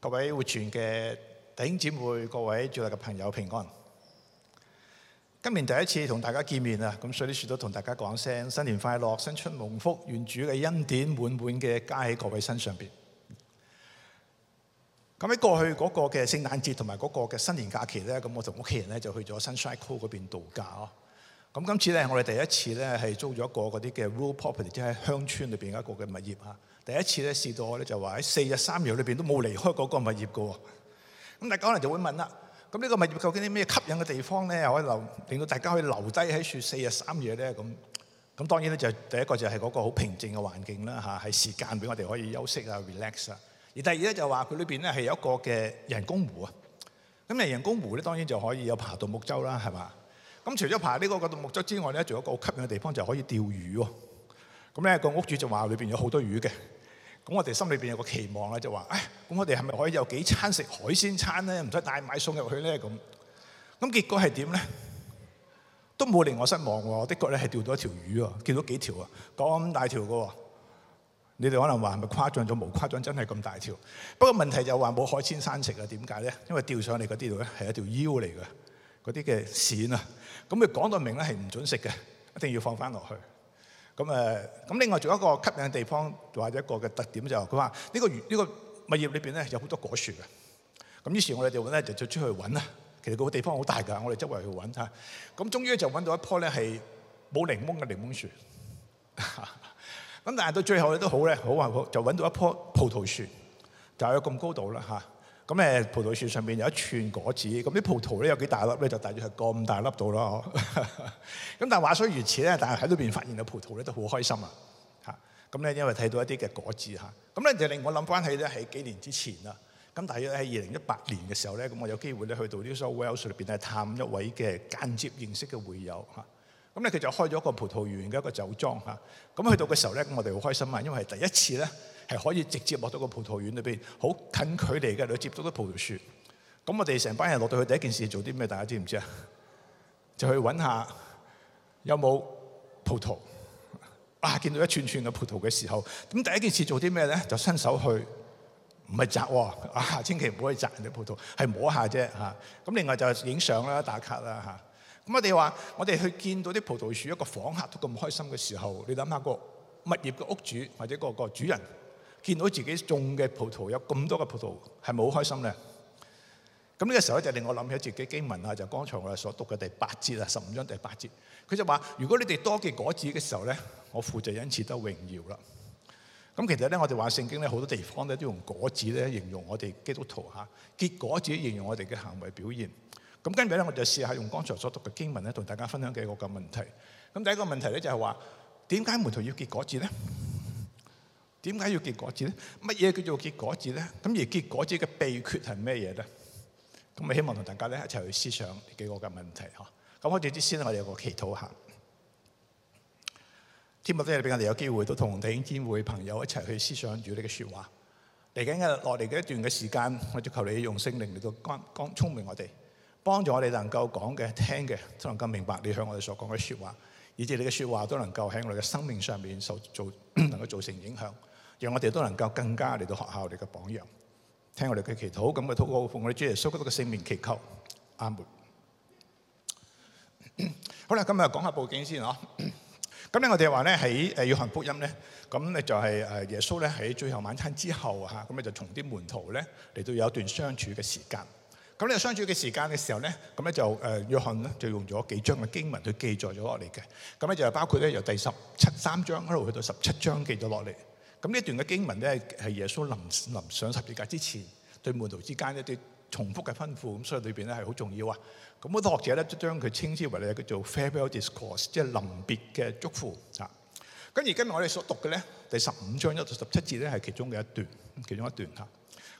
各位活泉嘅弟兄姊妹，各位最大嘅朋友平安。今年第一次同大家見面啊，咁所以呢，説都同大家講聲新年快樂，新春蒙福，願主嘅恩典滿滿嘅加喺各位身上邊。咁喺過去嗰個嘅聖誕節同埋嗰個嘅新年假期咧，咁我同屋企人咧就去咗 Sunshine Coast 嗰邊度假哦。咁今次咧，我哋第一次咧係租咗一個嗰啲嘅 Rural Property，即係鄉村裏邊一個嘅物業啊。第一次咧試到我咧就話喺四日三夜裏邊都冇離開嗰個物業嘅喎，咁大家可能就會問啦，咁呢個物業究竟啲咩吸引嘅地方咧？又可以令到大家可以留低喺處四日三夜咧？咁咁當然咧就第一個就係嗰個好平靜嘅環境啦嚇，係時間俾我哋可以休息啊，relax 啊，而第二咧就話佢裏邊咧係有一個嘅人工湖啊，咁人人工湖咧當然就可以有爬獨木舟啦係嘛，咁除咗爬呢個個獨木舟之外咧，仲有一個好吸引嘅地方就係可以釣魚喎，咁咧個屋主就話裏邊有好多魚嘅。咁我哋心裏邊有個期望啦，就話：，唉，咁我哋係咪可以有幾餐食海鮮餐咧？唔使帶埋餸入去咧？咁，咁結果係點咧？都冇令我失望喎，的確咧係釣到一條魚啊，見到幾條啊，講咁大條噶。你哋可能話係咪誇張咗？冇誇張，真係咁大條。不過問題就話冇海鮮生食啦，點解咧？因為釣上嚟嗰啲咧係一條腰嚟嘅，嗰啲嘅線啊，咁佢講到明咧係唔准食嘅，一定要放翻落去。咁誒，咁另外仲有一個吸引嘅地方，或者一個嘅特點就係，佢話呢個園呢個物業裏邊咧有好多果樹嘅。咁於是，我哋就咧就就出去揾啦。其實個地方好大㗎，我哋周圍去揾嚇。咁終於就揾到一樖咧係冇檸檬嘅檸檬樹。咁但係到最後咧都好咧，好啊，就揾到一樖葡萄樹，就係咁高度啦嚇。咁誒，葡萄樹上面有一串果子，咁啲葡萄咧有幾大粒咧？就大約係咁大粒到咯。咁 但話雖如此咧，但係喺呢邊發現到葡萄咧都好開心啊！嚇，咁咧因為睇到一啲嘅果子嚇，咁咧就令我諗返起咧喺幾年之前啦。咁大約喺二零一八年嘅時候咧，咁我有機會咧去到呢所 Wales 樹入邊係探一位嘅間接認識嘅會友嚇。咁咧佢就開咗個葡萄園嘅一個酒莊嚇。咁去到嘅時候咧，我哋好開心啊，因為係第一次咧。係可以直接落到個葡萄園裏面，好近距離嘅嚟接觸到啲葡萄樹。咁我哋成班人落到去第一件事做啲咩？大家知唔知啊？就去揾下有冇葡萄。啊，見到一串串嘅葡萄嘅時候，咁第一件事做啲咩咧？就伸手去，唔係摘喎。啊，千祈唔好去摘人哋葡萄，係摸下啫嚇。咁、啊、另外就係影相啦、打卡啦嚇。咁、啊、我哋話，我哋去見到啲葡萄樹一個訪客都咁開心嘅時候，你諗下個物業嘅屋主或者個個主人。見到自己種嘅葡萄有咁多嘅葡萄，係咪好開心咧？咁呢個時候咧，就令我諗起自己經文啊，就剛才我哋所讀嘅第八節啊，十五章第八節，佢就話：如果你哋多結果子嘅時候咧，我父就因此得榮耀啦。咁其實咧，我哋話聖經咧好多地方咧都用果子咧形容我哋基督徒嚇，結果子形容我哋嘅行為表現。咁跟住咧，我就試下用剛才所讀嘅經文咧，同大家分享幾個嘅問題。咁第一個問題咧就係話：點解門徒要結果子咧？點解要結果子咧？乜嘢叫做結果子咧？咁而結果子嘅秘訣係咩嘢咧？咁我希望同大家咧一齊去思想呢幾個嘅問題嗬。咁我哋之前，我哋有個祈禱下。天父今日俾我哋有機會，都同頂天會朋友一齊去思想住你嘅說話。嚟緊嘅落嚟嘅一段嘅時間，我就求你用聖靈嚟到光光充滿我哋，幫助我哋能夠講嘅、聽嘅都能夠明白你向我哋所講嘅說話，以至你嘅說話都能夠喺我哋嘅生命上面受造，能夠造成影響。讓我哋都能夠更加嚟到學校，我哋嘅榜樣，聽我哋嘅祈禱，咁啊，禱告奉我哋主耶穌嗰個聖名祈求，阿門。 好啦，咁啊，講下報警先哦。咁咧， 我哋話咧喺誒約翰福音咧，咁咧就係耶穌咧喺最後晚餐之後嚇，咁咧就從啲門徒咧嚟到有一段相處嘅時間。咁咧相處嘅時間嘅時候咧，咁咧就誒約翰咧就用咗幾章嘅經文去記載咗落嚟嘅。咁咧就包括咧由第十七三章一路去到十七章記咗落嚟。咁呢一段嘅經文咧，係耶穌臨臨上十字架之前對門徒之間一啲重複嘅吩咐，咁所以裏邊咧係好重要啊。咁好多學者咧都將佢稱之為咧叫做 farewell discourse，即係臨別嘅祝福啊。咁而今日我哋所讀嘅咧，第十五章一到十七節咧係其中嘅一段，其中一段嚇。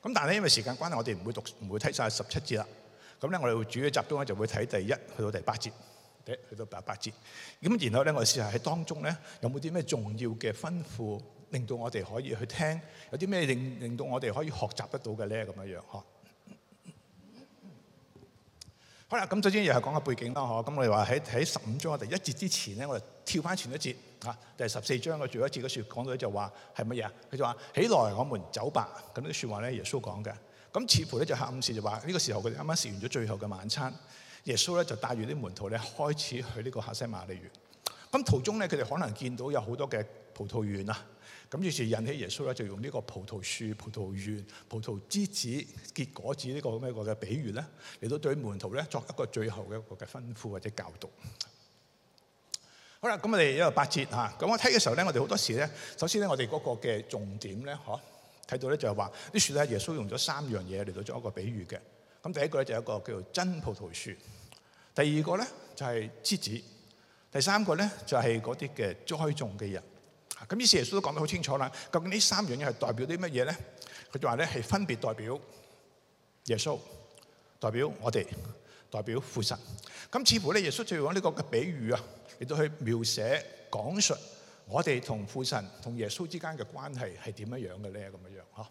咁但係咧，因為時間關係，我哋唔會讀，唔會睇曬十七節啦。咁咧，我哋會主要集中咧就會睇第一去到第八節，第一去到第八節。咁然後咧，我哋試下喺當中咧有冇啲咩重要嘅吩咐？令到我哋可以去聽，有啲咩令令到我哋可以學習得到嘅咧？咁樣樣，好啦，咁首先又係講下背景啦，咁我哋話喺喺十五章第一節之前咧，我哋跳翻前一節第十四章嘅最後一節嗰説，講到就話係乜嘢啊？佢就話，起來，我們走吧。咁啲説話咧，耶穌講嘅。咁似乎咧就暗示就話呢個時候佢哋啱啱食完咗最後嘅晚餐，耶穌咧就帶住啲門徒咧開始去呢個客西馬尼園。咁途中咧，佢哋可能見到有好多嘅葡萄園啊！咁於是引起耶穌咧，就用呢個葡萄樹、葡萄園、葡萄枝子結果子呢個咁一個嘅比喻咧，嚟到對門徒咧作一個最後嘅一個嘅吩咐或者教導。好啦，咁我哋由八節嚇。咁、啊、我睇嘅時候咧，我哋好多時咧，首先咧，我哋嗰個嘅重點咧，嗬、啊，睇到咧就係話啲樹咧，樹耶穌用咗三樣嘢嚟到作一個比喻嘅。咁第一個咧就有一個叫做真葡萄樹，第二個咧就係枝子。第三個咧就係嗰啲嘅栽種嘅人，咁於是耶穌都講得好清楚啦。究竟呢三樣嘢係代表啲乜嘢咧？佢就話咧係分別代表耶穌、代表我哋、代表父神。咁似乎咧耶穌就用呢個嘅比喻啊，亦都去描寫講述我哋同父神同耶穌之間嘅關係係點樣樣嘅咧咁嘅樣呵。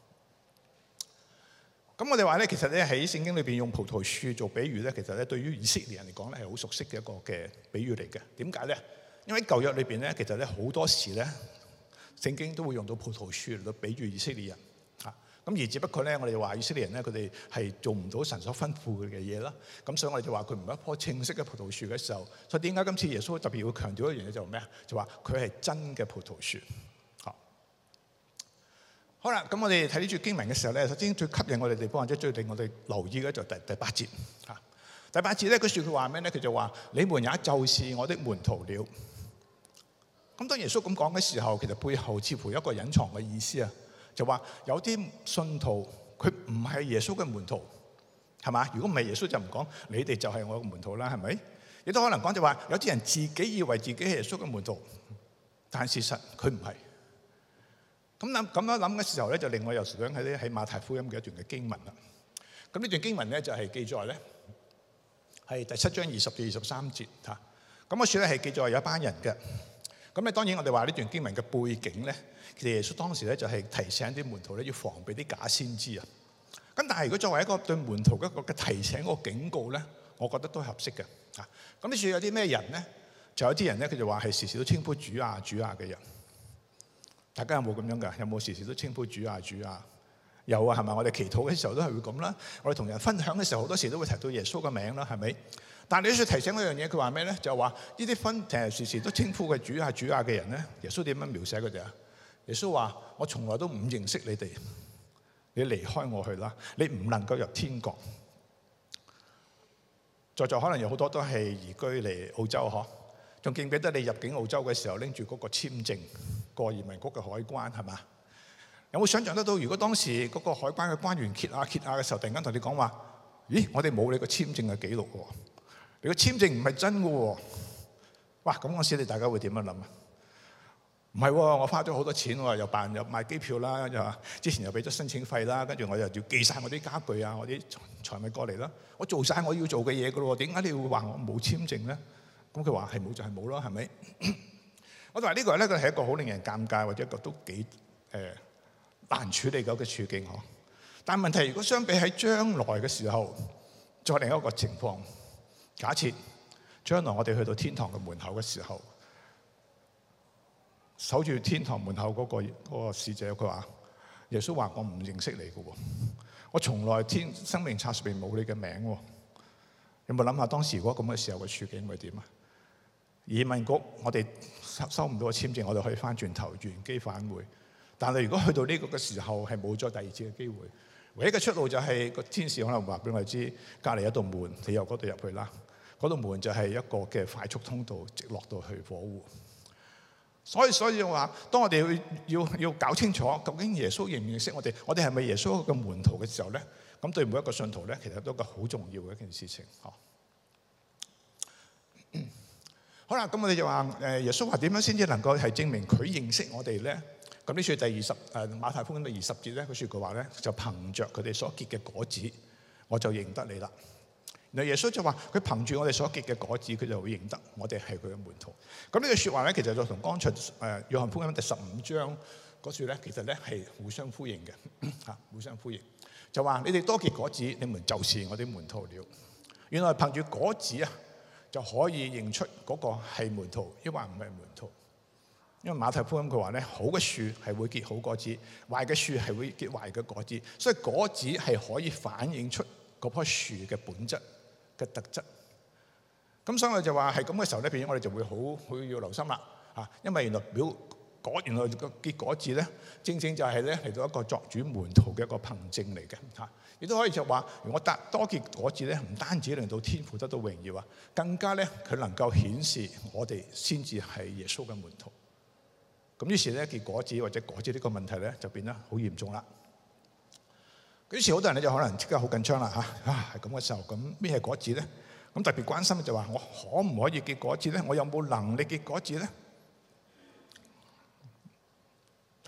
咁我哋話咧，其實咧喺聖經裏面用葡萄樹做比喻咧，其實咧對於以色列人嚟講咧係好熟悉嘅一個嘅比喻嚟嘅。點解咧？因為舊約裏面咧，其實咧好多時咧，聖經都會用到葡萄樹嚟到比喻以色列人。嚇、啊、咁而，只不過咧，我哋話以色列人咧，佢哋係做唔到神所吩咐嘅嘢啦。咁所以我哋就話佢唔係一棵青色嘅葡萄樹嘅時候。所以點解今次耶穌特別要強調一樣嘢就係咩？就話佢係真嘅葡萄樹。好啦，咁我哋睇呢段經文嘅時候咧，首先最吸引我哋地方或者最令我哋留意嘅就第第八節。第八節咧，佢說佢話咩咧？佢就話你們也就是我的門徒了。咁當耶穌咁講嘅時候，其實背後似乎有一個隱藏嘅意思啊，就話有啲信徒佢唔係耶穌嘅門徒，係嘛？如果唔係耶穌就唔講，你哋就係我嘅門徒啦，係咪？亦都可能講就話有啲人自己以為自己係耶穌嘅門徒，但事實佢唔係。咁諗咁樣諗嘅時候咧，就令我又想喺啲喺馬太福音嘅一段嘅經文啦。咁呢段經文咧就係記載咧係第七章二十至二十三節嚇。咁我說咧係記載有一班人嘅。咁咧當然我哋話呢段經文嘅背景咧，其實耶穌當時咧就係提醒啲門徒咧要防備啲假先知啊。咁但係如果作為一個對門徒一個嘅提醒、一個警告咧，我覺得都係合適嘅嚇。咁呢處有啲咩人咧？就有啲人咧，佢就話係時時都稱呼主啊、主啊嘅人。大家有冇咁樣噶？有冇時時都稱呼主啊、主啊？有啊，係咪？我哋祈禱嘅時候都係會咁啦。我哋同人分享嘅時候，好多時都會提到耶穌嘅名啦，係咪？但係你要提醒一樣嘢，佢話咩咧？就話呢啲分日日時時都稱呼佢主啊、主啊嘅人咧，耶穌點樣描寫佢哋啊？耶穌話：我從來都唔認識你哋，你離開我去啦，你唔能夠入天國。」在座可能有好多都係移居嚟澳洲嗬，仲記唔記得你入境澳洲嘅時候拎住嗰個簽證？過移民局嘅海關係嘛？有冇想像得到？如果當時嗰個海關嘅官員揭下、啊、揭下、啊、嘅時候，突然間同你講話：咦，我哋冇你個簽證嘅記錄喎，你個簽證唔係真嘅喎。哇！咁嗰時你大家會點樣諗啊？唔係喎，我花咗好多錢，我又辦又買機票啦，又話之前又俾咗申請費啦，跟住我又要寄晒我啲家具啊，我啲財物過嚟啦，我做晒我要做嘅嘢嘅咯，點解你要話我冇簽證咧？咁佢話係冇就係冇咯，係咪？ 我話呢個咧，佢係一個好令人尷尬，或者一個都幾誒、呃、難處理嘅一個處境。嗬。但係問題，如果相比喺將來嘅時候，再另一個情況，假設將來我哋去到天堂嘅門口嘅時候，守住天堂門口嗰、那個嗰、那個使者，佢話耶穌話：我唔認識你嘅，我從來天生命冊上邊冇你嘅名。有冇諗下當時嗰個咁嘅時候嘅處境會點啊？移民局，我哋。收唔到個簽證，我哋可以翻轉頭原機返回。但係如果去到呢個嘅時候係冇咗第二次嘅機會，唯一嘅出路就係、是、個天使可能話俾我知，隔離一道門，你由嗰度入去啦。嗰道門就係一個嘅快速通道，直落到去火湖。所以，所以我話，當我哋要要搞清楚究竟耶穌認唔認識我哋，我哋係咪耶穌嘅門徒嘅時候咧，咁對每一個信徒咧，其實都一個好重要嘅一件事情。好啦，咁我哋就話誒耶穌話點樣先至能夠係證明佢認識我哋咧？咁呢處第二十誒馬太福音第二十節咧，佢說嘅話咧，就憑着佢哋所結嘅果子，我就認得你啦。原來耶穌就話佢憑住我哋所結嘅果子，佢就會認得我哋係佢嘅門徒。咁呢句說話咧，其實就同剛才誒、呃、約翰福音第十五章嗰處咧，其實咧係互相呼應嘅嚇，互相呼應就話你哋多結果子，你們就是我哋門徒了。原來憑住果子啊！就可以認出嗰個係門徒，抑或唔係門徒。因為馬太福音佢話咧，好嘅樹係會結好果子，壞嘅樹係會結壞嘅果子。所以果子係可以反映出嗰樖樹嘅本質嘅特質。咁所以我就話係咁嘅時候咧，譬如我哋就會好好要留心啦嚇，因為原來表果原來個結果子咧，正正就係咧嚟到一個作主門徒嘅一個憑證嚟嘅嚇。亦都可以就話，如果得多結果子咧，唔單止令到天父得到榮耀啊，更加咧佢能夠顯示我哋先至係耶穌嘅門徒。咁於是咧，結果子或者果子呢個問題咧，就變得好嚴重啦。於是好多人咧就可能即刻好緊張啦嚇啊！係咁嘅時候，咁咩係果子咧？咁特別關心就話，我可唔可以結果子咧？我有冇能力結果子咧？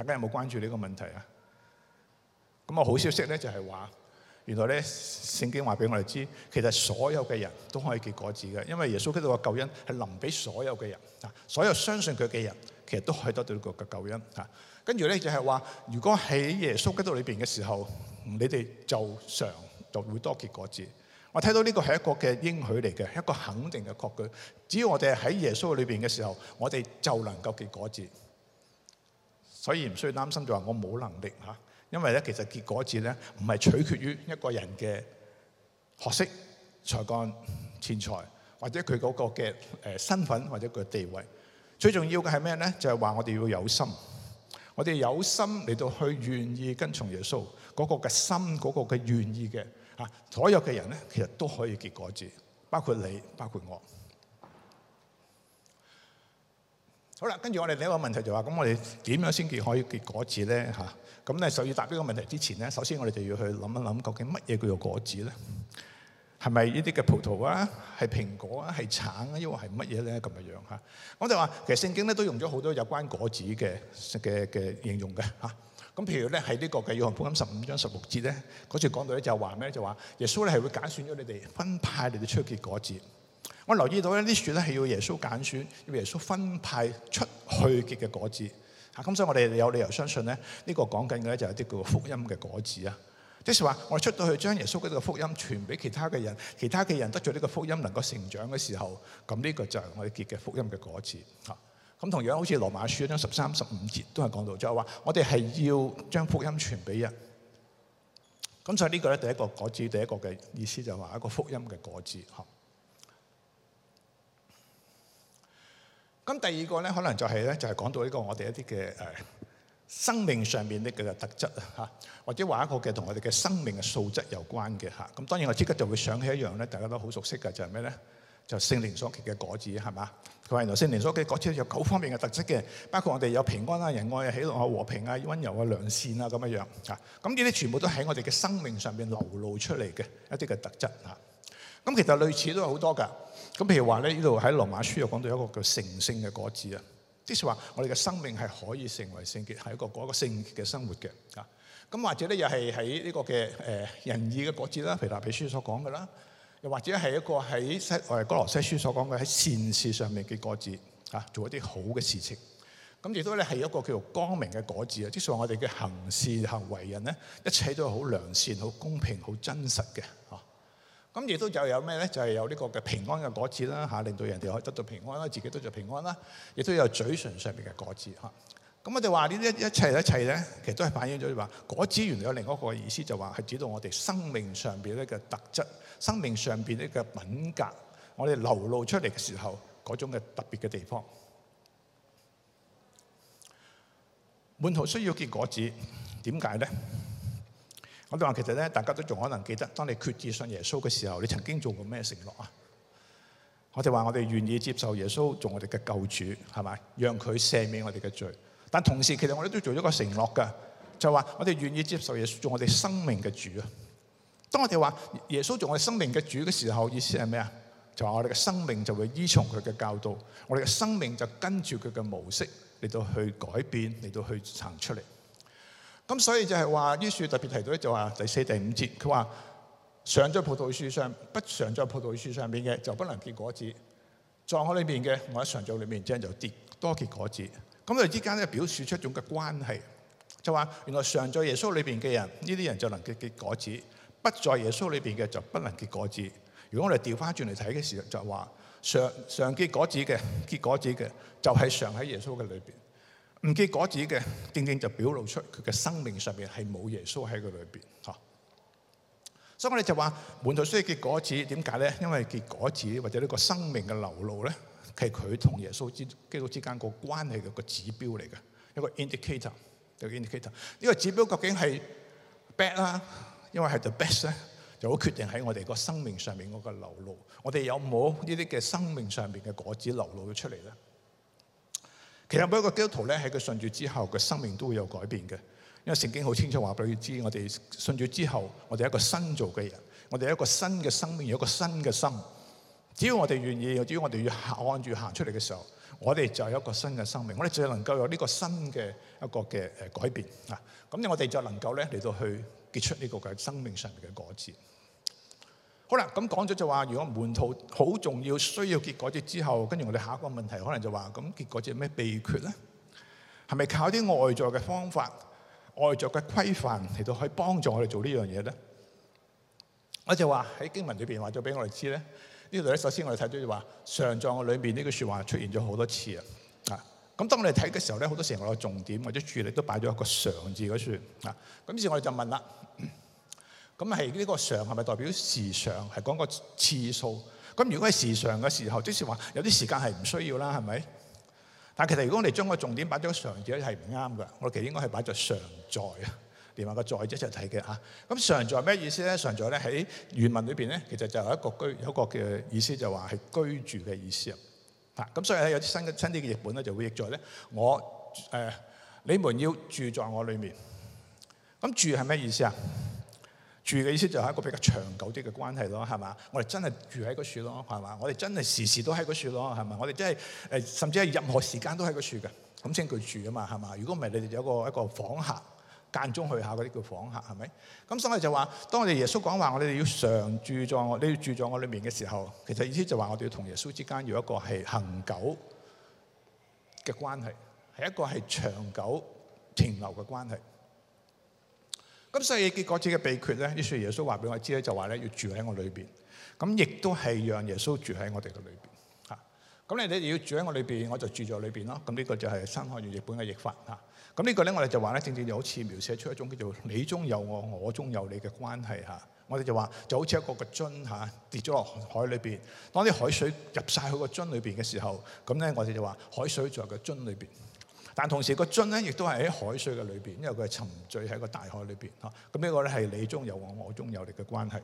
大家有冇關注呢個問題啊？咁啊，好消息咧就係話，原來咧聖經話俾我哋知，其實所有嘅人都可以結果子嘅，因為耶穌基督嘅救恩係臨俾所有嘅人啊，所有相信佢嘅人其實都可以得到個嘅救恩啊。跟住咧就係話，如果喺耶穌基督裏邊嘅時候，你哋就常就會多結果子。我睇到呢個係一個嘅應許嚟嘅，一個肯定嘅確據。只要我哋喺耶穌裏邊嘅時候，我哋就能夠結果子。所以唔需要擔心就話我冇能力嚇，因為咧其實結果子咧唔係取決於一個人嘅學識、才幹、錢財，或者佢嗰個嘅誒身份或者佢地位。最重要嘅係咩咧？就係、是、話我哋要有心，我哋有心嚟到去願意跟從耶穌嗰、那個嘅心，嗰、那個嘅願意嘅嚇，所有嘅人咧其實都可以結果子，包括你，包括我。好啦，跟住我哋另一個問題就話，咁我哋點樣先至可以結果子呢？吓，咁呢，所以答呢個問題之前呢，首先我哋就要去諗一諗，究竟乜嘢叫做果子呢？係咪呢啲嘅葡萄啊？係蘋果啊？係橙啊？抑或係乜嘢呢？咁樣樣吓。我就話其實聖經呢都用咗好多有關果子嘅嘅嘅應用嘅吓。咁譬如呢，喺呢個嘅約翰福音十五章十六節呢，嗰處講到呢就話咩？就話耶穌呢係會揀選咗你哋，分派你哋出結果子。我留意到咧，呢啲樹咧係要耶穌揀選，要耶穌分派出去結嘅果子嚇。咁所以我哋有理由相信咧，呢、這個講緊嘅咧就係啲叫福音嘅果子啊。即係話，我哋出到去將耶穌嗰啲嘅福音傳俾其他嘅人，其他嘅人得咗呢個福音能夠成長嘅時候，咁、這、呢個就係我哋結嘅福音嘅果子嚇。咁同樣好似羅馬書一章十三十五節都係講到，就係話我哋係要將福音傳俾人。咁所以呢個咧第一個果子，第一個嘅意思就係話一個福音嘅果子嚇。咁第二個咧，可能就係、是、咧，就係、是、講到呢個我哋一啲嘅誒生命上面啲嘅特質啊，嚇或者話一個嘅同我哋嘅生命嘅素質有關嘅嚇。咁當然我即刻就會想起一樣咧，大家都好熟悉嘅就係咩咧？就聖、是、靈、就是、所結嘅果子係嘛？佢話原來聖靈所結嘅果子有九方面嘅特質嘅，包括我哋有平安啊、仁愛啊、喜樂啊、和平啊、温柔啊、良善啊咁嘅樣嚇。咁呢啲全部都喺我哋嘅生命上面流露出嚟嘅一啲嘅特質嚇。咁其實類似都有好多㗎。咁譬如話咧，呢度喺羅馬書又講到一個叫成聖嘅果子啊，即係話我哋嘅生命係可以成為聖潔，係一個嗰個聖潔嘅生活嘅啊。咁或者咧又係喺呢個嘅誒、呃、仁義嘅果子啦，譬如《拿比書》所講嘅啦，又或者係一個喺西誒哥羅西書所講嘅喺善事上面嘅果子啊，做一啲好嘅事情。咁亦都咧係一個叫做光明嘅果子啊，即係話我哋嘅行事行為人咧，一切都係好良善、好公平、好真實嘅啊。咁亦都就有咩咧？就係、是、有呢個嘅平安嘅果子啦嚇，令到人哋可以得到平安啦，自己得到平安啦。亦都有嘴唇上面嘅果子嚇。咁我哋話呢一一切一切咧，其實都係反映咗話果子原來有另一個意思，就話係指到我哋生命上邊咧嘅特質，生命上邊咧嘅品格，我哋流露出嚟嘅時候嗰種嘅特別嘅地方。滿堂需要結果子，點解咧？我哋話其實咧，大家都仲可能記得，當你決志信耶穌嘅時候，你曾經做過咩承諾啊？我哋話我哋願意接受耶穌做我哋嘅救主，係咪？讓佢赦免我哋嘅罪。但同時，其實我哋都做咗個承諾㗎，就話、是、我哋願意接受耶穌做我哋生命嘅主啊。當我哋話耶穌做我哋生命嘅主嘅時候，意思係咩啊？就話我哋嘅生命就會依從佢嘅教導，我哋嘅生命就跟住佢嘅模式嚟到去改變，嚟到去行出嚟。咁所以就係話，呢處特別提到咧，就話第四、第五節，佢話常在葡萄樹上，不常在葡萄樹上邊嘅就不能結果子；撞喺裏邊嘅，我喺常在裏面，即就跌多結果子。咁佢之間咧表示出一種嘅關係，就話原來常在耶穌裏邊嘅人，呢啲人就能結結果子；不在耶穌裏邊嘅就不能結果子。如果我哋調翻轉嚟睇嘅時候就，就話常常結果子嘅、結果子嘅，就係、是、常喺耶穌嘅裏邊。唔結果子嘅，正正就表露出佢嘅生命上面係冇耶穌喺佢裏邊，嗬、so,。所以我哋就話，門徒需要結果子，點解咧？因為結果子或者呢個生命嘅流露咧，係佢同耶穌之基督之間個關係嘅個指標嚟嘅，一個 indicator，一個 indicator。呢、這個指標究竟係 bad 啦，因為係 the best 咧，就好決定喺我哋個生命上面嗰個流露，我哋有冇呢啲嘅生命上面嘅果子流露咗出嚟咧？其實每一個基督徒咧，喺佢信主之後，佢生命都會有改變嘅。因為聖經好清楚話俾你知，我哋信主之後，我哋一個新造嘅人，我哋有一個新嘅生命，有一個新嘅心。只要我哋願意，只要我哋要按住行出嚟嘅時候，我哋就有一個新嘅生命。我哋就能夠有呢個新嘅一個嘅誒改變啊！咁咧我哋就能夠咧嚟到去結出呢個嘅生命上嘅果子。好啦，咁講咗就話，如果門徒好重要，需要結果嘅之後，跟住我哋下一個問題，可能就話，咁結果隻咩秘訣咧？係咪靠啲外在嘅方法、外在嘅規範嚟到去幫助我哋做呢樣嘢咧？我就話喺經文裏面話咗俾我哋知咧，呢度咧首先我哋睇到就話，常在嘅裏面呢句說話出現咗好多次啊。啊，咁當我哋睇嘅時候咧，好多時候我有重點或者注意力都擺咗個常字嗰處啊。咁於是我就問啦。咁係呢個常係咪代表時常，係講個次數？咁如果係時常嘅時候，即是話有啲時間係唔需要啦，係咪？但其實如果我哋將個重點擺咗常字，係唔啱㗎。我哋其實應該係擺咗常在啊，連埋個在一齊睇嘅嚇。咁常在咩意思咧？常在咧喺原文裏面咧，其實就有一個居有一個嘅意，意思，就話係居住嘅意思啊。咁所以有啲新嘅新啲嘅譯本咧，就會譯在咧我、呃、你們要住在我裏面。咁住係咩意思啊？住嘅意思就係一個比較長久啲嘅關係咯，係嘛？我哋真係住喺個樹咯，係嘛？我哋真係時時都喺個樹咯，係咪？我哋真係誒、呃，甚至係任何時間都喺個樹嘅，咁先叫住啊嘛，係嘛？如果唔係，你哋有個一個訪客，間中去一下嗰啲叫訪客，係咪？咁所以就話，當我哋耶穌講話，我哋要常住在我，你要住在我裏面嘅時候，其實意思就話我哋要同耶穌之間有一個係恒久嘅關係，係一個係長久停留嘅關係。咁所以結果子嘅秘訣咧，啲説耶穌話俾我知咧，就話咧要住喺我裏面。咁亦都係讓耶穌住喺我哋嘅裏面。嚇，咁你哋要住喺我裏面，我就住在裏面咯。咁呢個就係新漢語譯本嘅譯法。嚇，咁呢個咧我哋就話咧，正正就好似描寫出一種叫做你中有我，我中有你嘅關係嚇。我哋就話就好似一個個樽嚇跌咗落海裏面。當啲海水入晒喺個樽裏面嘅時候，咁咧我哋就話海水在個樽裏面。但同時，個樽咧亦都係喺海水嘅裏邊，因為佢係沉醉喺一個大海裏邊嚇。咁呢個咧係你中有我，我中有你嘅關係。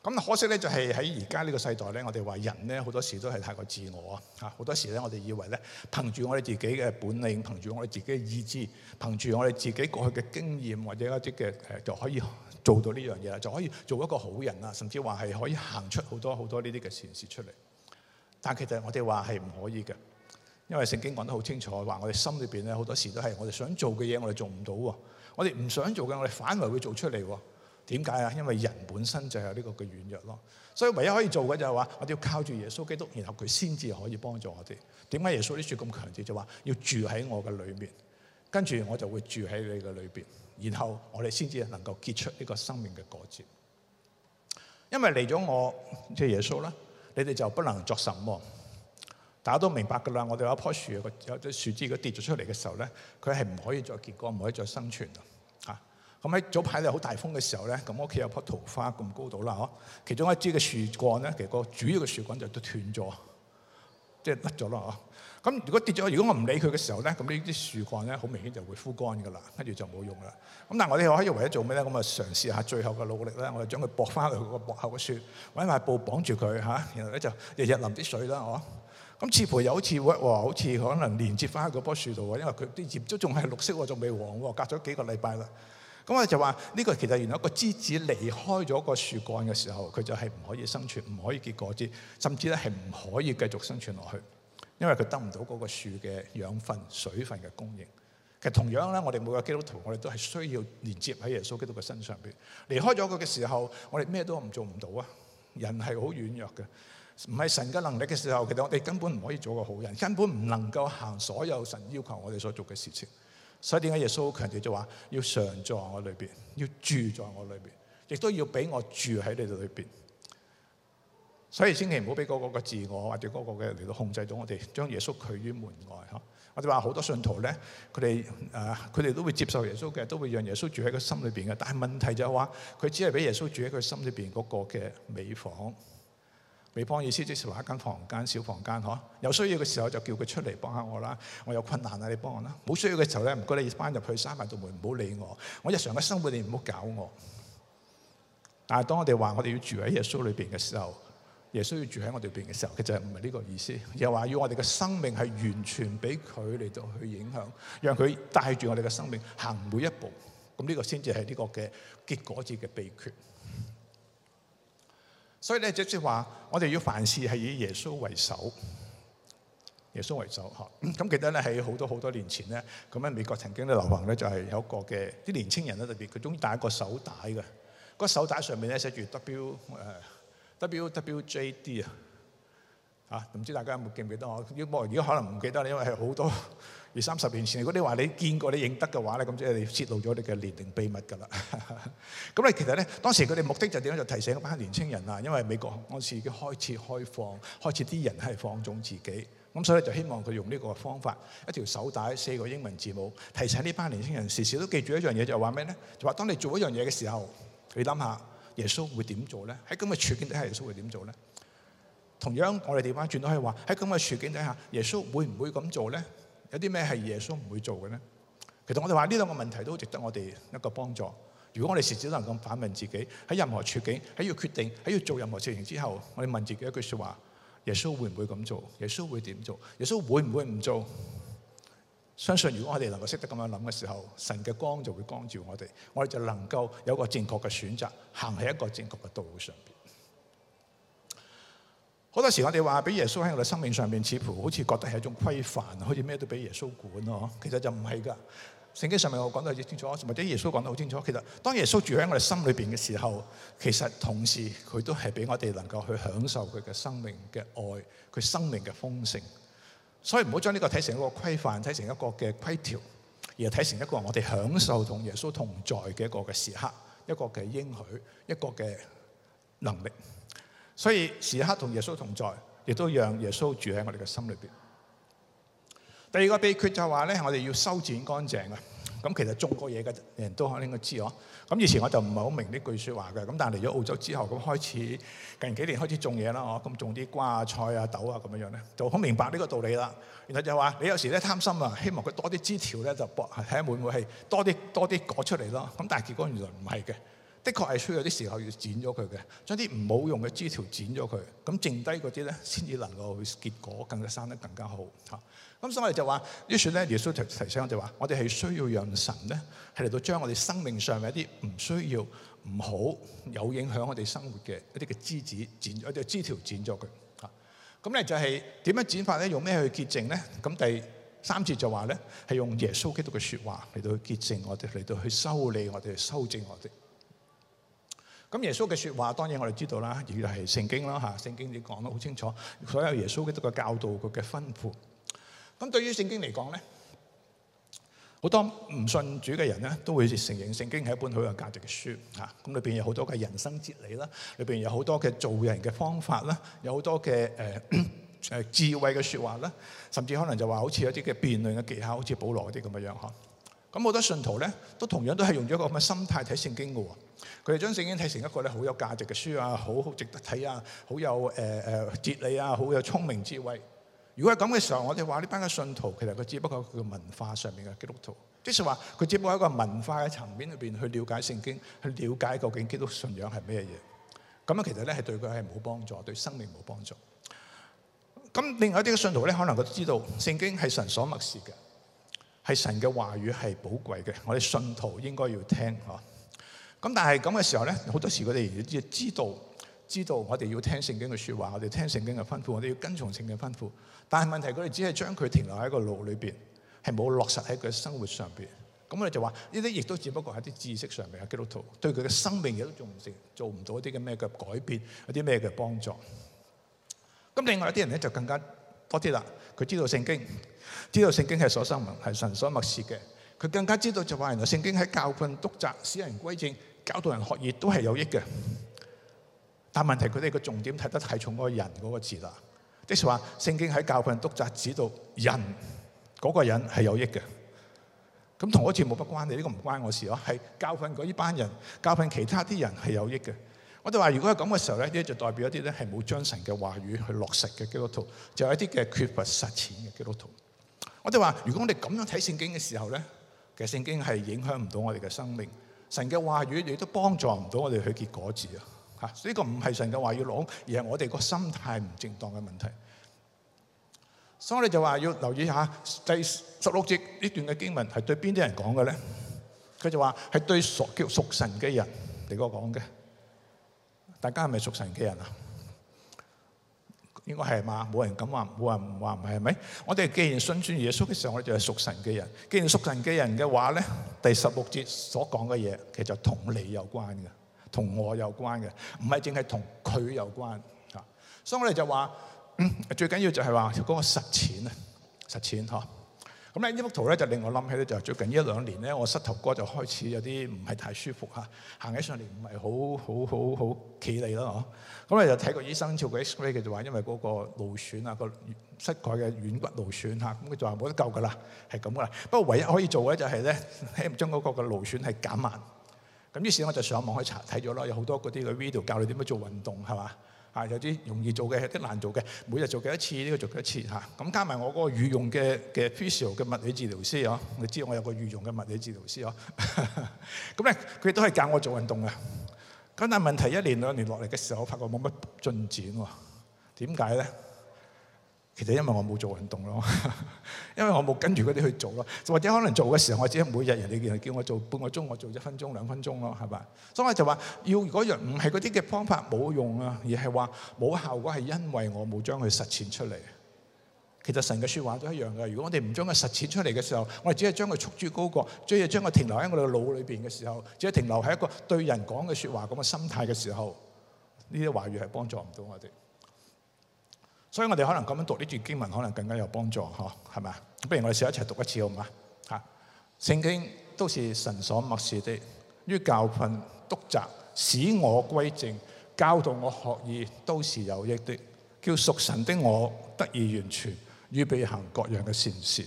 咁可惜咧，就係喺而家呢個世代咧，我哋話人咧好多時都係太過自我啊嚇！好多時咧，我哋以為咧，憑住我哋自己嘅本領，憑住我哋自己嘅意志，憑住我哋自己過去嘅經驗或者一啲嘅誒，就可以做到呢樣嘢啦，就可以做一個好人啊，甚至話係可以行出好多好多呢啲嘅善事出嚟。但其實我哋話係唔可以嘅。因為聖經講得好清楚，話我哋心裏邊咧好多時都係我哋想做嘅嘢，我哋做唔到喎。我哋唔想做嘅，我哋反而會做出嚟喎。點解啊？因為人本身就有呢個嘅軟弱咯。所以唯一可以做嘅就係話，我哋要靠住耶穌基督，然後佢先至可以幫助我哋。點解耶穌呢處咁強調？就話要住喺我嘅裏面，跟住我就會住喺你嘅裏邊，然後我哋先至能夠結出呢個生命嘅果子。因為嚟咗我，即係耶穌啦，你哋就不能作什麼。大家都明白㗎啦。我哋有一棵樹，個有隻樹枝如果跌咗出嚟嘅時候咧，佢係唔可以再結果，唔可以再生存啊！嚇咁喺早排咧好大風嘅時候咧，咁屋企有棵桃花咁高度啦，嗬、啊。其中一枝嘅樹幹咧，其實個主要嘅樹幹就都斷咗，即係甩咗啦，咁、啊、如果跌咗，如果我唔理佢嘅時候咧，咁呢啲樹幹咧好明顯就會枯乾㗎啦，跟住就冇用啦。咁但係我哋可以為咗做咩咧？咁咪嘗試下最後嘅努力咧，我哋將佢駁翻去個駁口嘅樹，揾埋布綁住佢嚇、啊，然後咧就日日淋啲水啦，嗬、啊。咁似乎又好似好似可能連接翻嗰棵樹度喎，因為佢啲葉都仲係綠色喎，仲未黃喎，隔咗幾個禮拜啦。咁我就話呢個其實原來個枝子離開咗個樹幹嘅時候，佢就係唔可以生存，唔可以結果子，甚至咧係唔可以繼續生存落去，因為佢得唔到嗰個樹嘅養分、水分嘅供應。其實同樣咧，我哋每個基督徒，我哋都係需要連接喺耶穌基督嘅身上邊。離開咗佢嘅時候，我哋咩都唔做唔到啊！人係好軟弱嘅。唔係神嘅能力嘅時候，其實我哋根本唔可以做個好人，根本唔能夠行所有神要求我哋所做嘅事情。所以點解耶穌強調就話要常在我裏邊，要住在我裏邊，亦都要俾我住喺你哋裏邊。所以千祈唔好俾嗰個嘅自我或者嗰個嘅嚟到控制到我哋，將耶穌拒於門外嚇。我哋話好多信徒咧，佢哋誒，佢哋都會接受耶穌嘅，都會讓耶穌住喺佢心裏邊嘅。但係問題就係話佢只係俾耶穌住喺佢心裏邊嗰個嘅美房。你幫意思即、就係話一間房間，小房間嗬。有需要嘅時候就叫佢出嚟幫下我啦。我有困難啦，你幫我啦。冇需要嘅時候咧，唔該你翻入去閂埋度門，唔好理我。我日常嘅生活你唔好搞我。但係當我哋話我哋要住喺耶穌裏邊嘅時候，耶穌要住喺我哋邊嘅時候，其實就係唔係呢個意思。又話要我哋嘅生命係完全俾佢嚟到去影響，讓佢帶住我哋嘅生命行每一步。咁、這、呢個先至係呢個嘅結果子嘅秘訣。所以咧即係話，我哋要凡事係以耶穌為首，耶穌為首嚇。咁、嗯、記得咧喺好多好多年前咧，咁喺美國曾經咧流行咧就係有一個嘅啲年青人咧特別佢中意戴一個手帶嘅，個手帶上面咧寫住 W 誒、uh, W W J D 啊嚇，唔知大家有冇記唔記，記得？我如果如果可能唔記得你因為係好多。二三十年前，如果你話你見過你認得嘅話咧，咁即係你泄露咗你嘅年齡秘密㗎啦。咁咧其實咧，當時佢哋目的就點樣咧？就提醒一班年青人啊，因為美國已經開始開放，開始啲人係放縱自己。咁所以就希望佢用呢個方法，一條手帶四個英文字母，提醒呢班年青人時時都記住一樣嘢，就話咩咧？就話當你做一樣嘢嘅時候，你諗下耶穌會點做咧？喺咁嘅處境底下，耶穌會點做咧？同樣我哋點樣轉到去話喺咁嘅處境底下，耶穌會唔會咁做咧？有啲咩係耶穌唔會做嘅咧？其實我哋話呢兩個問題都值得我哋一個幫助。如果我哋時時都能夠反問自己，喺任何處境，喺要決定，喺要做任何事情之後，我哋問自己一句説話：耶穌會唔會咁做？耶穌會點做？耶穌會唔會唔做？相信如果我哋能夠識得咁樣諗嘅時候，神嘅光就會光照我哋，我哋就能夠有個正確嘅選擇，行喺一個正確嘅道路上邊。好多時我哋話俾耶穌喺我哋生命上面，似乎好似覺得係一種規範，好似咩都俾耶穌管咯。其實就唔係㗎。聖經上面我講得好清楚，或者耶穌講得好清楚。其實當耶穌住喺我哋心裏面嘅時候，其實同時佢都係俾我哋能夠去享受佢嘅生命嘅愛，佢生命嘅豐盛。所以唔好將呢個睇成一個規範，睇成一個嘅規條，而係睇成一個我哋享受同耶穌同在嘅一個嘅時刻，一個嘅應許，一個嘅能力。所以時刻同耶穌同在，亦都讓耶穌住喺我哋嘅心裡邊。第二個秘訣就係話咧，我哋要修剪乾淨啊！咁其實種過嘢嘅人都應該知呵。咁以前我就唔係好明呢句説話嘅。咁但係嚟咗澳洲之後，咁開始近幾年開始種嘢啦。哦，咁種啲瓜啊、菜啊、豆啊咁樣樣咧，就好明白呢個道理啦。原來就係話你有時咧貪心啊，希望佢多啲枝條咧就搏睇下會唔會係多啲多啲果出嚟咯。咁但係結果原來唔係嘅。的確係需要有啲時候要剪咗佢嘅，將啲唔好用嘅枝條剪咗佢，咁剩低嗰啲咧先至能夠去結果，更加生得更加好嚇。咁、嗯、所以我哋就話，於是咧，耶穌提提醒就話，我哋係需要讓神咧係嚟到將我哋生命上嘅一啲唔需要、唔好、有影響我哋生活嘅一啲嘅枝子剪咗，一啲枝條剪咗佢嚇。咁、嗯、咧就係點樣剪法咧？用咩去潔淨咧？咁第三節就話咧係用耶穌基督嘅説話嚟到潔淨我哋，嚟到去修理我哋、去修正我哋。咁耶穌嘅說話當然我哋知道啦，而係聖經啦嚇，聖經你講得好清楚，所有耶穌嘅一個教導、佢嘅吩咐。咁對於聖經嚟講咧，好多唔信主嘅人咧都會承認聖經係一本好有價值嘅書嚇。咁裏面有好多嘅人生哲理啦，裏面有好多嘅做人嘅方法啦，有好多嘅誒誒智慧嘅說話啦，甚至可能就話好似一啲嘅辯論嘅技巧，好似保羅嗰啲咁嘅樣嚇。咁好多信徒咧都同樣都係用咗一個咁嘅心態睇聖經嘅。佢哋將聖經睇成一個咧好有價值嘅書啊，好好值得睇啊，好有誒誒、呃、哲理啊，好有聰明智慧。如果係咁嘅時候，我哋話呢班嘅信徒其實佢只不過佢嘅文化上面嘅基督徒，即係話佢只不過喺一個文化嘅層面裏邊去了解聖經，去了解究竟基督信仰係咩嘢。咁啊，其實咧係對佢係冇幫助，對生命冇幫助。咁另外一啲嘅信徒咧，可能佢知道聖經係神所默示嘅，係神嘅話語係寶貴嘅，我哋信徒應該要聽啊。咁但係咁嘅時候咧，好多時佢哋亦知道知道我哋要聽聖經嘅説話，我哋要聽聖經嘅吩咐，我哋要跟從聖經嘅吩咐。但係問題，佢哋只係將佢停留喺個腦裏邊，係冇落實喺佢嘅生活上邊。咁我哋就話呢啲亦都只不過係啲知識上面嘅基督徒，對佢嘅生命亦都做唔成，做唔到一啲嘅咩嘅改變，一啲咩嘅幫助。咁另外一啲人咧就更加多啲啦，佢知道聖經，知道聖經係所生文係神所默示嘅，佢更加知道就話原來聖經喺教訓督責使人歸正。教導人學義都係有益嘅，但問題，佢哋個重點睇得太重嗰個人嗰個字啦。即係話聖經喺教訓督責指導人嗰個人係有益嘅，咁同我哋冇乜關係，呢個唔關我事咯。係教訓嗰班人，教訓其他啲人係有益嘅。我哋話如果係咁嘅時候咧，呢就代表一啲咧係冇將神嘅話語去落實嘅基督徒，就係一啲嘅缺乏實踐嘅基督徒。我哋話如果我哋咁樣睇聖經嘅時候咧，其實聖經係影響唔到我哋嘅生命。神嘅話語亦都幫助唔到我哋去結果子。啊！吓，呢個唔係神嘅話語講，而係我哋個心態唔正當嘅問題。所以我哋就話要留意一下第十六節呢段嘅經文係對邊啲人講嘅咧？佢就話係對屬叫屬神嘅人嚟講嘅。大家係咪屬神嘅人啊？應該係嘛？冇人敢話，冇人唔話唔係，係咪？我哋既然信主耶穌嘅時候，我哋就係屬神嘅人。既然屬神嘅人嘅話咧，第十六節所講嘅嘢，其實同你有關嘅，同我有關嘅，唔係淨係同佢有關嚇。所以我哋就話，嗯，最緊要就係話嗰個實踐啊，實踐呵。咁咧，呢幅圖咧，就令我諗起咧，就最近呢一兩年咧，我膝頭哥就開始有啲唔係太舒服嚇，行起上嚟唔係好好好好企理咯嗬。咁你就睇個醫生，照個 X-ray，佢就話因為嗰個勞損啊，個膝蓋嘅軟骨勞損嚇，咁佢就話冇得救噶啦，係咁噶啦。不過唯一可以做咧就係咧，喺唔將嗰個嘅勞損係減慢。咁於是我就上網去查睇咗咯，有好多嗰啲嘅 video 教你點樣做運動係嘛。係有啲容易做嘅，有啲難做嘅，每日做幾多次呢，個做幾多次嚇，咁加埋我嗰個御用嘅嘅 physical 嘅物理治療師啊，你知我有個御用嘅物理治療師啊，咁咧佢都係教我做運動啊，咁但係問題一年兩年落嚟嘅時候，我發覺冇乜進展喎，點解咧？其實因為我冇做運動咯，因為我冇跟住嗰啲去做咯，或者可能做嘅時候，我只係每日人哋叫我做半個鐘，我做一分鐘兩分鐘咯，係嘛？所以我就話，要如果人唔係嗰啲嘅方法冇用啊，而係話冇效果係因為我冇將佢實踐出嚟。其實神嘅説話都係一樣嘅，如果我哋唔將佢實踐出嚟嘅時候，我哋只係將佢束住高閣，將要將佢停留喺我哋嘅腦裏邊嘅時候，只係停留喺一個對人講嘅説話咁嘅心態嘅時候，呢啲話語係幫助唔到我哋。所以我哋可能咁樣讀呢段經文，可能更加有幫助嗬，係咪啊？不如我哋試一齊讀一,一次好嗎？嚇，聖經都是神所默示的，於教訓、督責，使我歸正，教導我學義，都是有益的，叫屬神的我得以完全，預備行各樣嘅善事。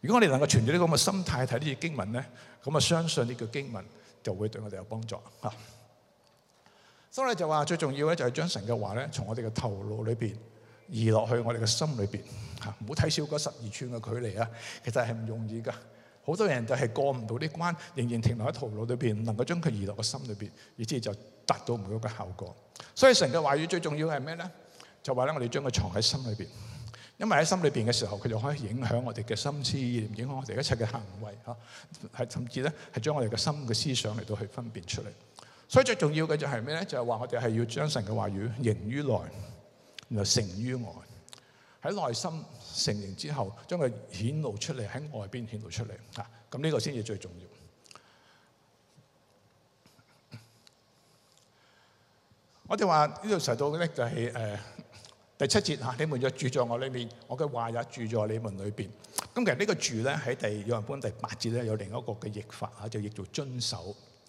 如果我哋能夠存住呢個咁嘅心態睇呢段經文咧，咁啊相信呢段經文就會對我哋有幫助嚇。所以就話最重要咧，就係將神嘅話咧，從我哋嘅頭腦裏邊移落去我哋嘅心裏邊嚇，唔好睇少嗰十二寸嘅距離啊，其實係唔容易噶。好多人就係過唔到啲關，仍然停留喺頭腦裏邊，唔能夠將佢移落個心裏邊，以致就達到唔到個效果。所以神嘅話語最重要係咩咧？就話咧，我哋將佢藏喺心裏邊，因為喺心裏邊嘅時候，佢就可以影響我哋嘅心思，影響我哋一切嘅行為嚇，係甚至咧係將我哋嘅心嘅思想嚟到去分辨出嚟。所以最重要嘅就係咩呢？就係話我哋係要將神嘅話語形於內，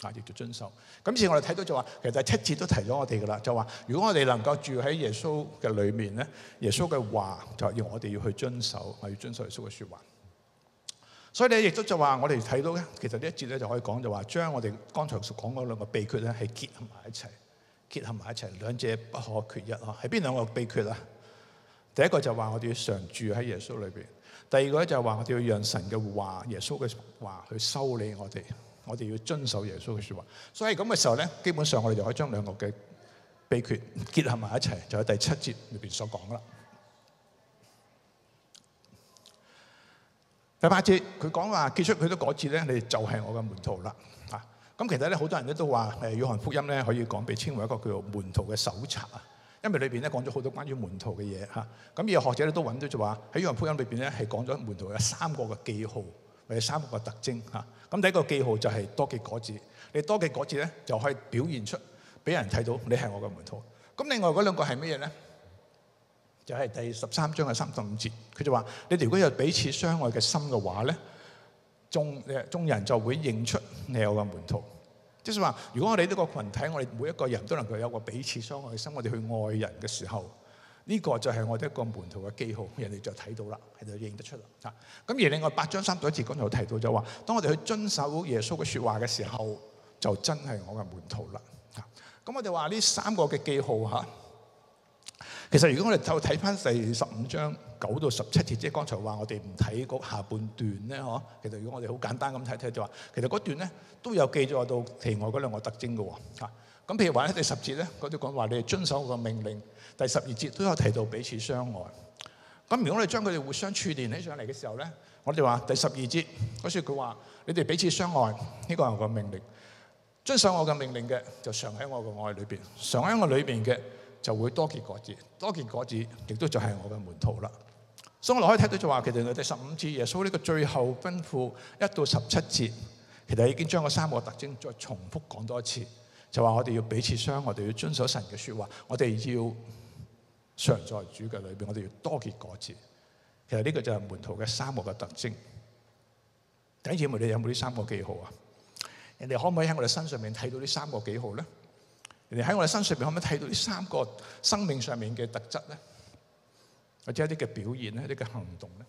啊！亦都遵守。咁於是，我哋睇到就話，其實第七節都提咗我哋噶啦，就話如果我哋能夠住喺耶穌嘅裏面咧，耶穌嘅話就係要我哋要去遵守，我要遵守耶穌嘅説話。所以咧，亦都就話我哋睇到咧，其實呢一節咧就可以講就話，將我哋剛才講嗰兩個秘訣咧，係結合埋一齊，結合埋一齊，兩者不可缺一哦。係邊兩個秘訣啊？第一個就話我哋要常住喺耶穌裏邊；第二個咧就係話我哋要讓神嘅話、耶穌嘅話去修理我哋。我哋要遵守耶穌嘅説話，所以咁嘅時候咧，基本上我哋就可以將兩個嘅秘訣結合埋一齊，就喺第七節裏邊所講啦。第八節佢講話結束佢都嗰節咧，你就係我嘅門徒啦。啊，咁其實咧好多人都話誒《約翰福音》咧可以講被稱為一個叫做門徒嘅手冊啊，因為裏邊咧講咗好多關於門徒嘅嘢嚇。咁有學者咧都揾到就話喺《約翰福音》裏邊咧係講咗門徒有三個嘅記號。係三個特徵嚇，咁第一個記號就係多結果子，你多結果子咧就可以表現出俾人睇到你係我嘅門徒。咁另外嗰兩個係乜嘢咧？就係第十三章嘅三十五節，佢就話：你哋如果有彼此相愛嘅心嘅話咧，眾誒眾人就會認出你係我嘅門徒。即係話，如果我哋呢個羣體，我哋每一個人都能夠有個彼此相愛嘅心，我哋去愛人嘅時候。呢、這個就係我哋一個門徒嘅記號，人哋就睇到啦，人哋就認得出啦。啊，咁而另外八章三到一節剛才提到就話、是，當我哋去遵守耶穌嘅説話嘅時候，就真係我嘅門徒啦。啊，咁我哋話呢三個嘅記號嚇、啊，其實如果我哋就睇翻第十五章九到十七節，即係剛才話我哋唔睇嗰下半段咧，嗬、啊，其實如果我哋好簡單咁睇睇就話，其實嗰段咧都有記載到其外嗰兩個特徵嘅喎。啊。咁譬如話喺第十節咧，佢哋講話你哋遵守我嘅命令；第十二節都有提到彼此相愛。咁如果我哋將佢哋互相串連起上嚟嘅時候咧，我哋話第十二節嗰時佢話：你哋彼此相愛，呢個係我嘅命令。遵守我嘅命令嘅，就常喺我嘅愛裏面，常喺我裏面嘅，就會多結果子。多結果子，亦都就係我嘅門徒啦。所以我可以睇到就話，其實佢第十五節耶穌呢個最後吩咐一到十七節，其實已經將個三個特徵再重複講多一次。就話我哋要彼此相，我哋要遵守神嘅說話，我哋要常在主嘅裏邊，我哋要多結果子。其實呢個就係門徒嘅三個嘅特徵。弟兄姊妹，你有冇呢三個記號啊？人哋可唔可以喺我哋身上面睇到呢三個記號咧？人哋喺我哋身上面可唔可以睇到呢三個生命上面嘅特質咧？或者一啲嘅表現咧，一啲嘅行動咧？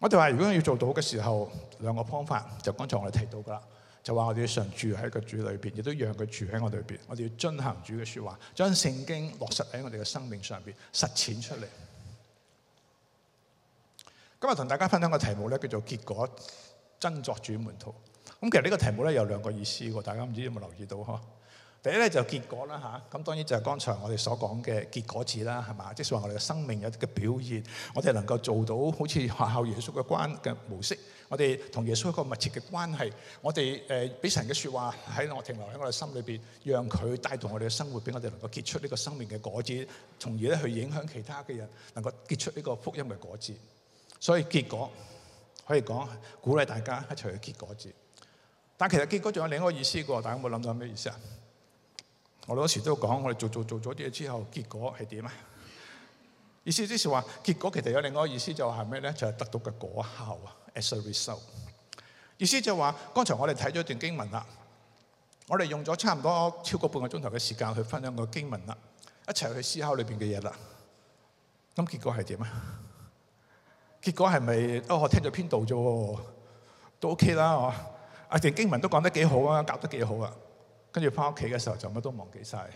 我哋話如果要做到嘅時候，兩個方法就剛才我哋提到噶啦。就話我哋要常住喺個主裏邊，亦都讓佢住喺我裏面。我哋要遵行主嘅說話，將聖經落實喺我哋嘅生命上面，實踐出嚟。今日同大家分享個題目咧，叫做結果，真作主門徒。咁其實呢個題目咧有兩個意思，我大家唔知有冇留意到呵？第一咧就是、結果啦吓，咁當然就係剛才我哋所講嘅結果子啦，係嘛？即係話我哋嘅生命有啲嘅表現，我哋能夠做到好似學校耶穌嘅關嘅模式，我哋同耶穌一個密切嘅關係，我哋誒俾神嘅説話喺我停留喺我哋心裏邊，讓佢帶動我哋嘅生活，俾我哋能夠結出呢個生命嘅果子，從而咧去影響其他嘅人，能夠結出呢個福音嘅果子。所以結果可以講鼓勵大家一齊去結果子。但其實結果仲有另一個意思嘅，大家有冇諗到咩意思啊？我好多時都講，我哋做做做咗啲嘢之後，結果係點啊？意思即是話，結果其實有另外個意思，就係咩咧？就係得到嘅果效啊。As a result，意思就係話，剛才我哋睇咗一段經文啦，我哋用咗差唔多超過半個鐘頭嘅時間去分享個經文啦，一齊去思考裏邊嘅嘢啦。咁結果係點啊？結果係咪？哦，我聽咗編導啫，都 OK 啦，哦，啊，段經文都講得幾好啊，搞得幾好啊。跟住翻屋企嘅時候就乜都忘記晒，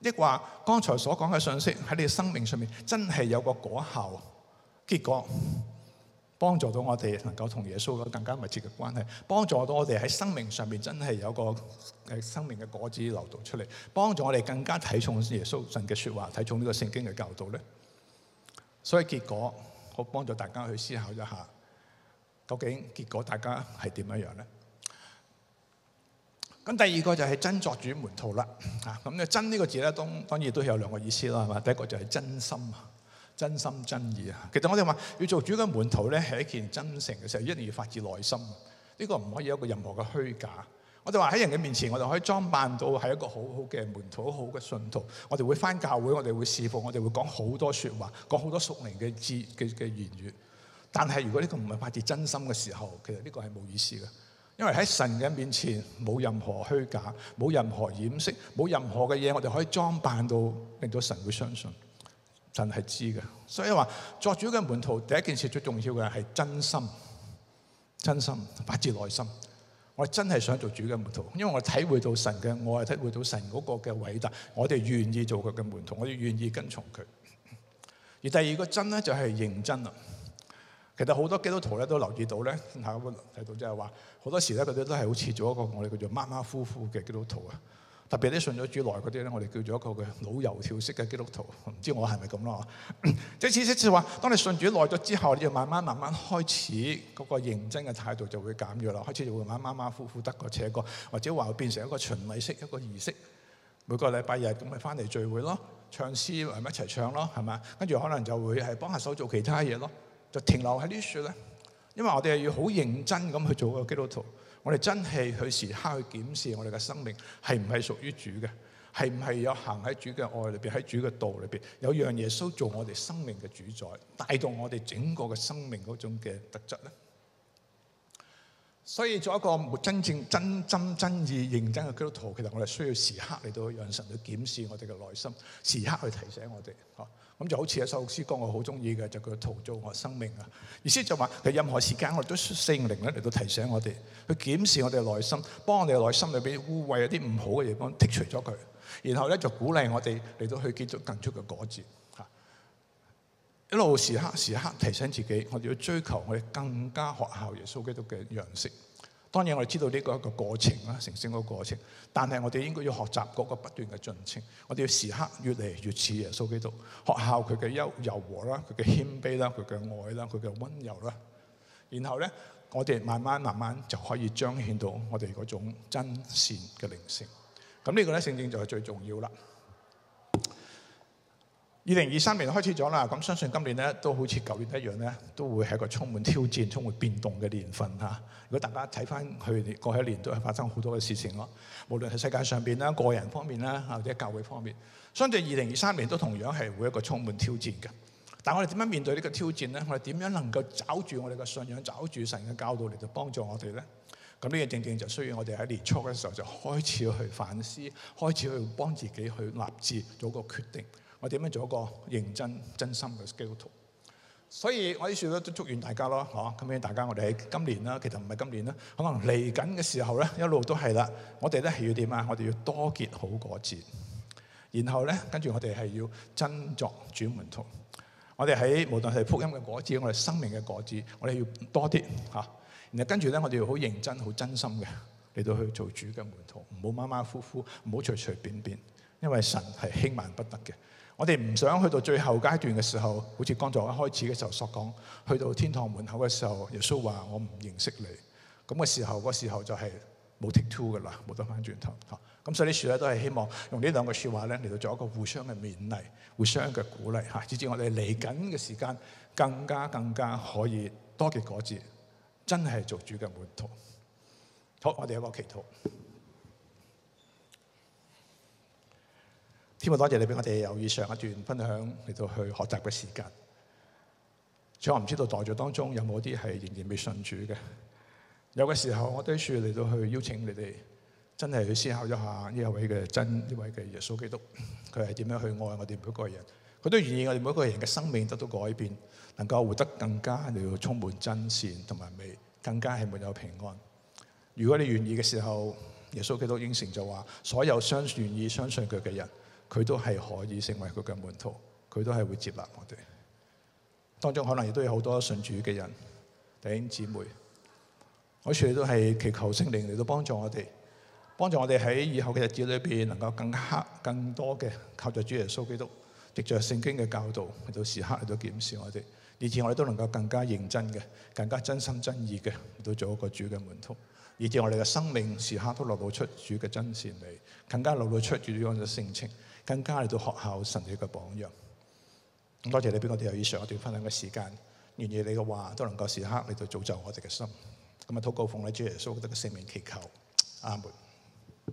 亦話剛才所講嘅信息喺你生命上面真係有一個果效，結果幫助到我哋能夠同耶穌有更加密切嘅關係，幫助到我哋喺生命上面真係有個誒，生命嘅果子流露出嚟，幫助我哋更加睇重耶穌神嘅說話，睇重呢個聖經嘅教導咧。所以結果，我幫助大家去思考一下，究竟結果大家係點樣樣咧？咁第二個就係真作主的門徒啦，嚇，咁咧真呢個字咧，當當然都有兩個意思啦，係嘛？第一個就係真心啊，真心真意啊。其實我哋話要做主嘅門徒咧，係一件真誠嘅事，一定要發自內心。呢、這個唔可以有個任何嘅虛假。我哋話喺人嘅面前，我哋可以裝扮到係一個好好嘅門徒、好好嘅信徒。我哋會返教會，我哋會侍奉，我哋會講好多説話，講好多屬靈嘅字嘅嘅言語。但係如果呢個唔係發自真心嘅時候，其實呢個係冇意思嘅。因為喺神嘅面前冇任何虛假，冇任何掩飾，冇任何嘅嘢我哋可以裝扮到令到神會相信，神係知㗎。所以話作主嘅門徒第一件事最重要嘅係真心，真心發自內心，我真係想做主嘅門徒，因為我體會到神嘅，我係體會到神嗰個嘅偉大，我哋願意做佢嘅門徒，我哋願意跟從佢。而第二個真咧就係認真。其實好多基督徒咧都留意到咧，睇到即係話，好多時咧佢哋都係好似做一個我哋叫做馬馬虎虎嘅基督徒啊，特別啲信咗主耐嗰啲咧，我哋叫做一個嘅老油條式嘅基督徒，唔知我係咪咁咯？即係意思就係話，當你信主耐咗之後，你就慢慢慢慢開始嗰個認真嘅態度就會減弱啦，開始就會慢慢馬馬虎虎得過且過，或者話變成一個循例式一個儀式，每個禮拜日咁咪翻嚟聚會咯，唱詩咪一齊唱咯，係咪？跟住可能就會係幫下手做其他嘢咯。就停留喺呢處咧，因為我哋係要好認真咁去做個基督徒，我哋真係去時刻去檢視我哋嘅生命係唔係屬於主嘅，係唔係有行喺主嘅愛裏邊，喺主嘅道裏邊有讓耶穌做我哋生命嘅主宰，帶動我哋整個嘅生命嗰種嘅特質咧。所以做一個真正真真真意認真嘅基督徒，其實我哋需要時刻嚟到讓神去檢視我哋嘅內心，時刻去提醒我哋。嚇，咁就好似一首詩歌，我好中意嘅就叫《陶造我生命》啊。意思就話，佢任何時間我哋都聖靈咧嚟到提醒我哋，去檢視我哋嘅內心，幫我哋嘅內心裏邊污穢一啲唔好嘅嘢幫剔除咗佢，然後咧就鼓勵我哋嚟到去結出更出嘅果子。一路時刻時刻提醒自己，我哋要追求我哋更加學效耶穌基督嘅樣式。當然我哋知道呢個一個過程啦，成聖嗰個過程。但係我哋應該要學習嗰個不斷嘅進程。我哋要時刻越嚟越似耶穌基督，學效佢嘅優柔和啦，佢嘅謙卑啦，佢嘅愛啦，佢嘅温柔啦。然後咧，我哋慢慢慢慢就可以彰顯到我哋嗰種真善嘅靈性。咁呢個咧，正正就係最重要啦。二零二三年開始咗啦，咁相信今年咧都好似舊年一樣咧，都會係一個充滿挑戰、充滿變動嘅年份嚇。如果大家睇翻過去一年都係發生好多嘅事情咯，無論喺世界上邊啦、個人方面啦，或者教會方面，相信二零二三年都同樣係會一個充滿挑戰嘅。但我哋點樣面對呢個挑戰咧？我哋點樣能夠找住我哋嘅信仰，找住神嘅教導嚟到幫助我哋咧？咁呢個正正就需要我哋喺年初嘅時候就開始去反思，開始去幫自己去立志做個決定。我點樣做一個認真、真心嘅基督徒？所以我啲説咧都祝願大家咯，嗬咁樣大家我哋喺今年啦，其實唔係今年啦，可能嚟緊嘅時候咧，一路都係啦。我哋咧係要點啊？我哋要多結好果子，然後咧跟住我哋係要真作主門徒。我哋喺無論係福音嘅果子，我哋生命嘅果子，我哋要多啲嚇。然後跟住咧，我哋要好認真、好真心嘅嚟到去做主嘅門徒，唔好馬馬虎虎，唔好隨隨便便，因為神係輕慢不得嘅。我哋唔想去到最後階段嘅時候，好似剛才一開始嘅時候所講，去到天堂門口嘅時候，耶穌話：我唔認識你。咁嘅時候，嗰時候就係冇 take two 嘅啦，冇得翻轉頭。咁所以啲處咧都係希望用這兩說法呢兩個説話咧嚟到做一個互相嘅勉勵、互相嘅鼓勵嚇，直至致我哋嚟緊嘅時間更加更加可以多結果子，真係做主嘅門徒。好，我哋有個祈禱。希望多謝你俾我哋由以上一段分享嚟到去學習嘅時間。所以我唔知道在座當中有冇啲係仍然未信主嘅。有嘅時候，我都需要嚟到去邀請你哋，真係去思考一下呢一位嘅真呢位嘅耶穌基督，佢係點樣去愛我哋每一個人？佢都願意我哋每一個人嘅生命得到改變，能夠活得更加要充滿真善同埋美，更加係滿有平安。如果你願意嘅時候，耶穌基督應承就話，所有相願意相信佢嘅人。佢都係可以成為佢嘅門徒，佢都係會接納我哋。當中可能亦都有好多信主嘅人，弟兄姊妹，我哋都係祈求聖靈嚟到幫助我哋，幫助我哋喺以後嘅日子裏邊能夠更加更多嘅靠着主耶穌基督，藉着聖經嘅教導嚟到時刻嚟到檢視我哋，以致我哋都能夠更加認真嘅、更加真心真意嘅嚟到做一個主嘅門徒，以致我哋嘅生命時刻都流露出主嘅真善美，更加流露出主安嘅性情。更加嚟到學校神嘅一個榜樣。咁多謝你俾我哋有以上一段分享嘅時間，願意你嘅話都能夠時刻嚟到造就我哋嘅心。咁啊，禱告奉喺主耶穌基督嘅聖名祈求，阿門。